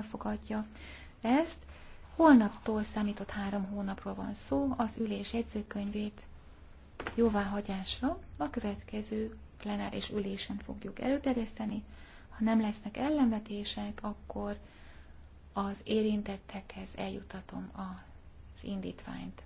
elfogadja ezt. Holnaptól számított három hónapról van szó, az ülés jegyzőkönyvét jóváhagyásra a következő plenáris ülésen fogjuk előterjeszteni. Ha nem lesznek ellenvetések, akkor az érintettekhez eljutatom az indítványt.